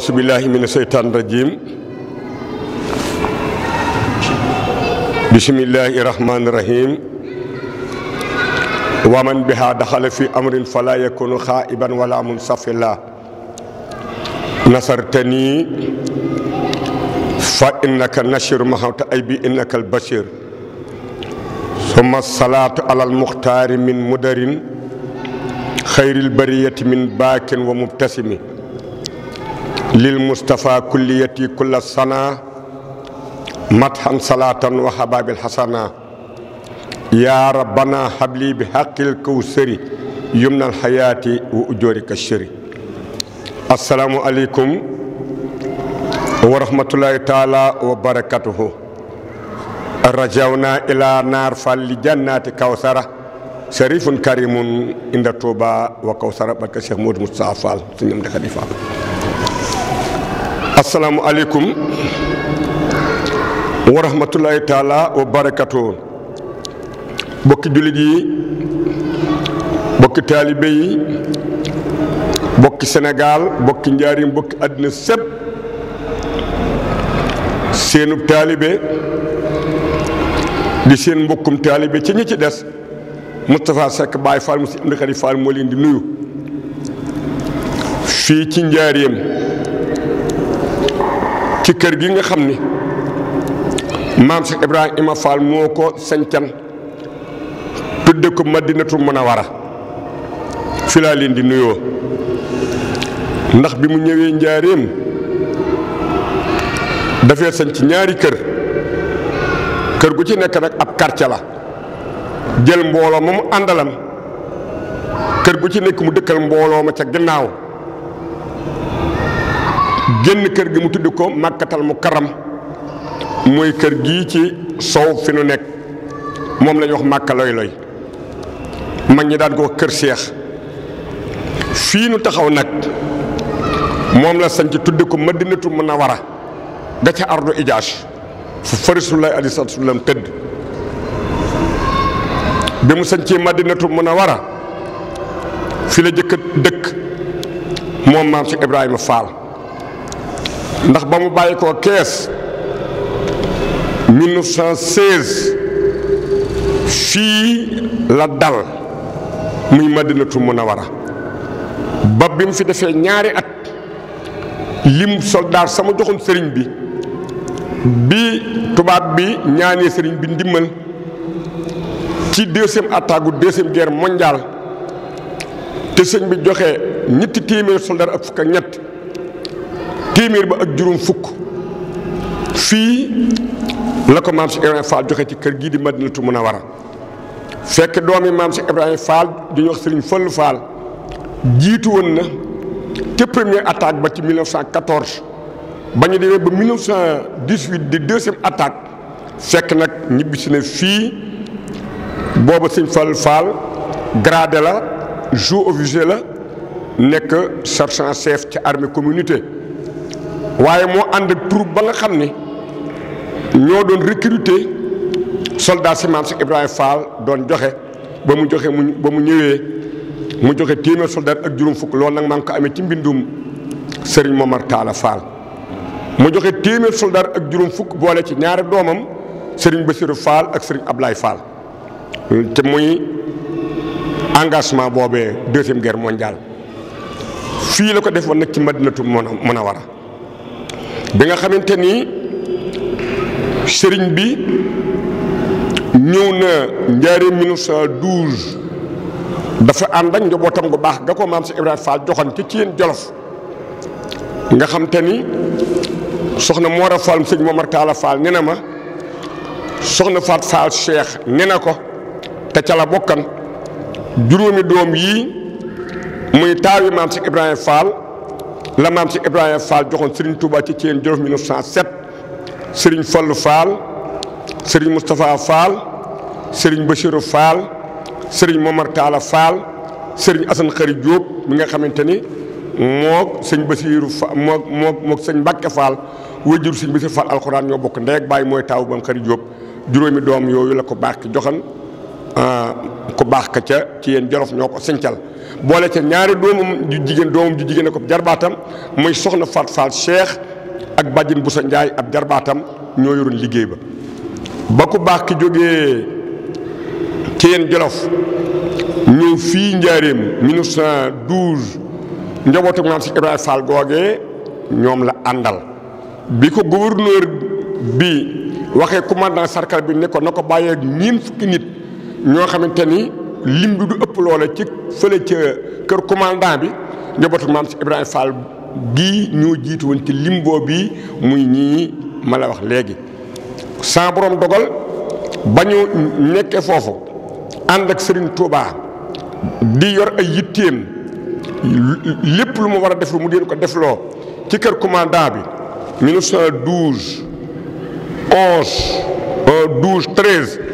أعوذ بالله من الشيطان الرجيم بسم الله الرحمن الرحيم ومن بها دخل في أمر فلا يكون خائبا ولا منصفلا نصرتني فإنك نشر محوت أيبي إنك البشير ثم الصلاة على المختار من مدر خير البرية من باك ومبتسم lil Mustapha kulliyati kulla sana mathan salatan wa hababil hasana ya rabbana habli bi haqqil kawsari yumnal hayati wa ujurika shiri assalaamu aleykum wa rahmatullahi taala wa barakatuhu rajawna ila naar falli jannati kawsara sharifun karimun inda touba wa kawsara barka cheikh modou moustapha fall suñam daka asalaamualeykum wa rahmatulahi taala wa barakatu bokki jullit yi bokki taalibe yi bokki Sénégal bokki njaarim bokki àddina sépp seenub taalibe di seen mbokkum taalibe ci ñi ci des Moustapha Seck Baye Fall mu si Amdi Xadi Fall moo leen di nuyu fii ci njaarim ci kër gi nga xam ni maam Cheikh Ibrahima Fall moo ko sancan tudde ko Madinatu Munawara fi laa leen di nuyoo ndax bi mu ñëwee njaareem dafee sañ ñaari kër kër gu ci nekk nag ab karce la jël mbooloo ma mu àndalam kër gu ci nekk mu dëkkal mbooloo ma ca ginnaaw génn kër gi mu tudd ko màkkatal mu karam mooy kër gii ci sow fi nu nekk moom la ñu wax màkka loy loy mag ñi daan ko kër seex fii nu taxaw nag moom la sanc tudd ko madinatu munawara ga ca ardu ijaas fu fa rasulullaahi alayhi salaatu wa salaam tëdd bi mu sancee madinatu munawara fi la jëkk dëkk moom maam si Ibrahima Fall ndax ba mu bàyyi koo kees fii la dal muy madinatu munawara ba bi mu fi defee ñaari at lim soldaar sama joxoon sëriñ bi bi tubaab bi ñaanee sëriñ bi ndimmal ci deuxième attaque gu deuxième guerre te sëñ bi joxe ñetti téeméer soldaar ak fukk ñett téeméer ba ak juróom fukk fii la ko maam si Ibrahima Fall joxe ci kër gii di Madinatu Munawara fekk doomi maam si Ibrahima Fall di ñu wax Serigne Fallou Fall jiitu woon na ca première attaque ba ci 1914 ba ñu demee ba 1918 di deuxième attaque fekk nag ñibbisi na fii booba Serigne Fallou Fall gradé la sous-officier la nekk sergent chef ci armée communauté. waaye moo ànd ak troupe ba nga xam ni ñoo doon recruter soldat si Maam Cheikh Ibrahima Fall doon joxe ba mu joxe mu ba mu ñëwee mu joxe téeméer soldat ak juróom fukk loolu nag maa ko amee ci mbindum sëriñ Momar Talla Fall. mu joxe téeméer soldat ak juróom fukk boole ci ñaari doomam Serigne Bassirou Fall ak Serigne Ablaye Fall te muy engagement boobee deuxième guerre mondiale fii la ko defoon nag ci a Munawara bi nga xamante ni sëriñ bi ñëw na njaareem 1912 dafa ànd ak njabootam gu baax ga ko maam si Ibrahima Fall joxoon ci Thiène Jolof nga xam te ni soxna Mor Fall sëñ Momar Talla Fall nee na ma soxna Faat Fall Cheikh nee na ko te ca la bokkan juróomi doom yii muy taawi maam si Ibrahima Fall. la maam Cheikh Ibrahima Fall joxoon Serigne Touba ci Thiène Djolof 1907 Serigne Fallou Fall sëriñ Moustapha Fall sëriñ Bachirou Fall Serigne Momar Talla Fall Serigne Assane Khary Diop mi nga xamante ni moog sëñ Bachirou Fall moog moog moog sëñ Mbacke Fall wajur sëñ Bachirou alxuraan ñoo bokk ndey ak mooy mooy taawu bam Khary Diop juróomi doom yooyu la ko barke joxan Ah, ku baax ka ca ci yéen jolof ñoo ko sancal boole ca ñaari doomam ju jigéen doomam ju jigéen ko jarbaatam mooy soxna Fat Fall Cheikh ak bàjjen bu sa Njaay ab jarbaatam ñoo yoroon liggéey ba ba ku ci yéen jolof fii njaareem 1912 njabootu maam si ñoom la àndal bi ko gouverneur bi waxee commandant cercle bi ne ko na ko bàyyeeg ñiin fukki nit ñoo xamante ni lim bi du ëpp loola ci fële ca kër commandant bi njabootu maam si Ibrahima Fall gii ñoo jiitu woon ci lim boo bii muy ñii ma la wax léegi. saa dogal ba ñu nekkee foofu ànd ak Serigne Touba di yor ay yitteem lépp lu mu war a def mu deen ko defloo ci kër commandant bi 1912 11 12 13.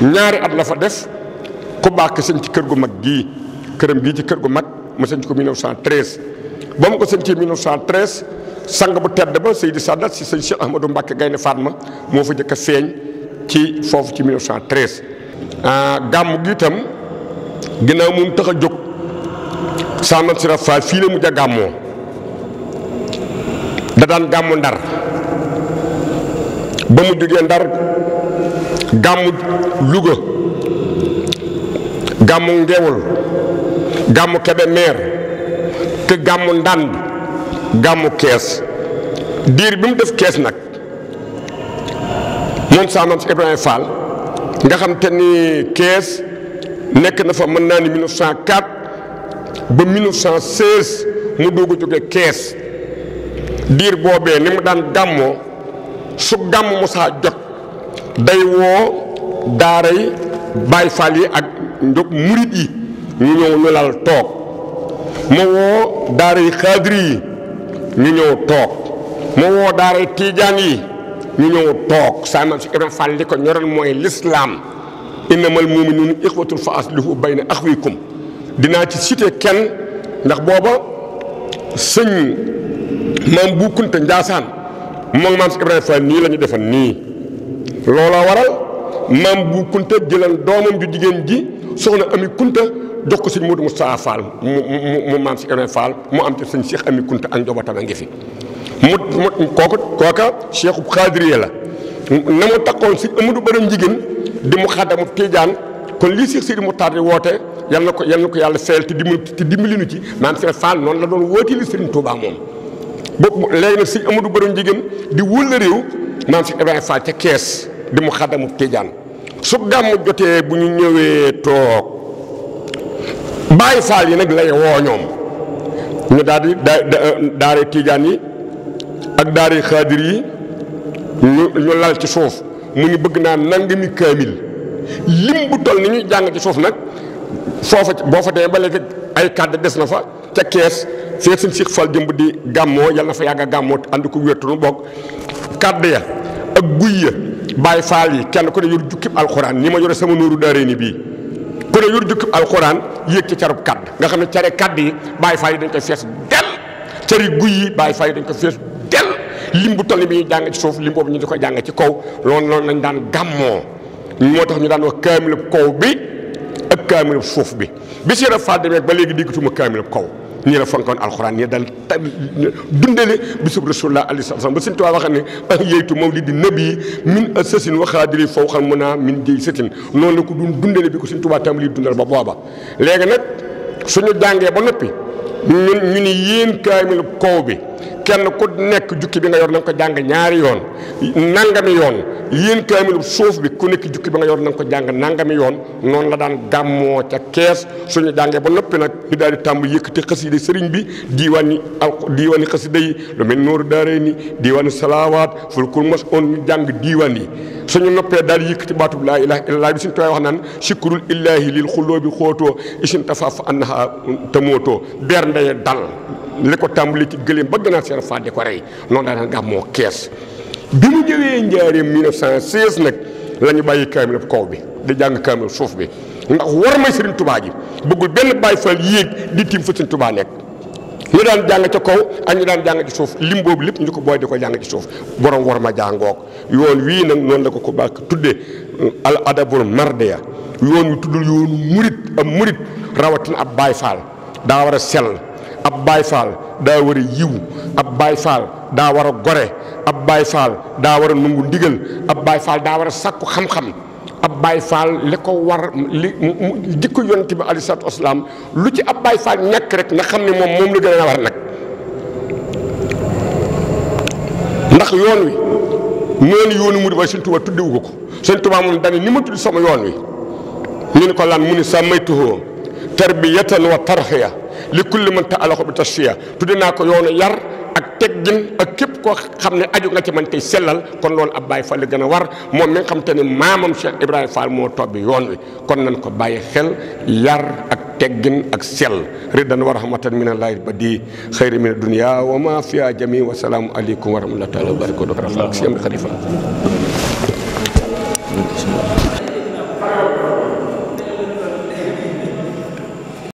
ñaari at la fa def ku baax ki sëñ ci kër gu mag gii këram gii ci kër gu mag mu sëñ ko 1913 ba mu ko sëñ ci 1913 sang bu tedd ba Seydi Sadat si sëñ Cheikh Ahmadou Mbacke Gaynde Fatma moo fa njëkk a feeñ ci foofu ci 1913. Ah, gàmm gi itam ginnaaw moom tax a jóg Samba Sira Fall fii la mujj a gàmmoo da daan gàmmu ndar ba mu jógee ndar. gàmmu Louga gàmmu Ngewul gàmmu Kébémer te gàmmu Ndànd gàmmu Kees diir bi mu def Kees nag moom saa maam si Ibrahima Fall nga xam te ni Kees nekk na fa mën naa ni 1904 ba 1916 mu doog jóge Kees diir boobee ni mu daan gàmmoo su gàmm mu saa jot. day woo daara yi baay faal yi ak ndog murit yi ñu ñëw ñu toog ma woo daara yi xaadiri yi ñu ñëw toog ma woo daara tiijaan yi ñu ñëw toog saa maam si Ibrahima Fall li ko ñoral mooy lislaam innamal muminuun ixwatun fa aslihu bayna axwikum dinaa ci cité kenn ndax booba sëñ maam bu kunta njaasaan moom maam si Ibrahima Fall nii la ñu defan nii looloo waral maam bu kunta jëlal doomam ju jigéen ji soxna ami kunta jox ko sëñ Modou Moustapha Fall mu mu mu maam si Ibrahima Fall mu a ngi fi. mu mu kooku kooka Cheikh la na mu si Amadou Baram jigéen di mu xaddamu Tiijaan kon lii si Sidi Muxtaar woote yal na ko yal na ko yàlla seel te dimbali te dimbali nu ci maam si Fall noonu la doon woote Sëriñ Tuubaa moom. boobu léegi nag si Amadou Baram jigéen di wóol réew maam si Ibrahima Fall ca kees. di mu xaddamu tijaan su gàmmu jotee bu ñu ñëwee toog bàyyi faal yi nag lay woo ñoom ñu daal di daare tijaan yi ak daare xaadir yi ñu ñu lal ci suuf mu ni bëgg naa nangami kaamil lim bu toll ni jàng ci suuf nag foofa boo fa demee ba léegi ay kàddu des na fa ca kees fee suñ siix fal jëmb di gàmmoo yàlla na fa yàgg a gàmmoo ànd ko wér nu bokk kàddu ya ak guy ya bàyyi faal yi kenn ku ne yor jukkib alxuraan ni ma yore sama nuuru daaree ni bii ku ne yor jukkib alxuraan yéeg ci carub kadd nga xam ne care kadd yi bàyyi faal yi dañ koy fees del cari guy yi bàyyi faal yi dañ koy fees del lim bu toll bi ñu jàng ci suuf lim boobu ñu di ko jàng ci kaw loolu noonu lañ daan gàmmoo moo tax ñu daan wax kaamilub kaw bi ak kaamilub suuf bi bi si rab faal demee ba léegi déggatuma kaamilub kaw ñi la fonkoon alxuraan ñi dal dundale bisub rasulullah alayhi salaam ba sëñ Tuubaa waxam ne ak yeytu mawlidi nabi min a wa xaadiri faw xam mun naa min jiy sëtin noonu la ko doon dundale bi ko sëñ Tuubaa tam lii ba booba léegi nag suñu jàngee ba noppi ñun ñu ni yéen kaamilu kaw bi kenn ku nekk jukki bi nga yor na nga ko jàng ñaari yoon nangami yoon yéen kaamilu suuf bi ku nekk jukki bi nga yor na nga ko jàng nangami yoon noonu la daan gàmmoo ca kees suñu jàngee ba noppi nag ñu daal di tàmb yëkkati xasida sëriñ bi diiwaani ak diiwaani xasida yi lu mel nooru daaray ni diiwaani salaawaat fulkul mas on ñu jàng diiwaan yi suñu noppee daal di yëkkati baatub laa ilaha illallah bi suñu tooy wax naan sikkurul illaahi lil xulloo bi xóotoo isin tafaaf annaha tamootoo ber ndeye dal li ko tàmbali ci gëléem ba gënaat seen faat di ko rey noonu daa daan gàmmoo kees bi mu ñëwee njaareem 1916 nag la ñu bàyyi kaamil kaw bi di jàng kaamil suuf bi ndax war may Sëriñ Tubaa ji bëggul benn Baay Faal yéeg di tiim fa Sëriñ Tubaa nekk ñu daan jàng ca kaw ak ñu daan jàng ci suuf lim boobu lépp ñu ko booy di ko jàng ci suuf borom war ma jàngoog yoon wii nag noonu la ko ko bàkk tuddee al adabul mardiya yoon wi tuddul yoonu murit am murit rawatina ab Baay Faal daa war a sell ab baay faal daa war a yiw ab baay faal daa war a gore ab baay faal daa war a nungu ndigal ab baay faal daa war a sàkku xam-xam ab baay faal li ko war li jikko yonent bi aleyhi salaatu wasalaam lu ci ab baay faal ñàkk rek nga xam ne moom moom la gën a war nag ndax yoon wi noonu yoonu murid waaye Sëñ Tuubaa tuddewu ko ko Sëñ Tuubaa moom dane ni ma tudd sama yoon wi ñu ko lan mu ni sa maytuhoo tarbiyatan wa tarxiya li kulli man ta'allaq bi tasfiya tudde naa ko yoonu yar ak teggin ak képp koo xam ne aju nga ci man tey sellal kon loolu ab Baay Fall li gën a war moom mi nga xam ne maamam Cheikh Ibrahima Fall moo tobbi yoon wi kon nañ ko bàyyi xel yar ak teggin ak sell war wa rahmatan min allahi badi xayri min dunya wa ma fiha jami wa salaamu aleykum wa rahmatullahi wa barakatuh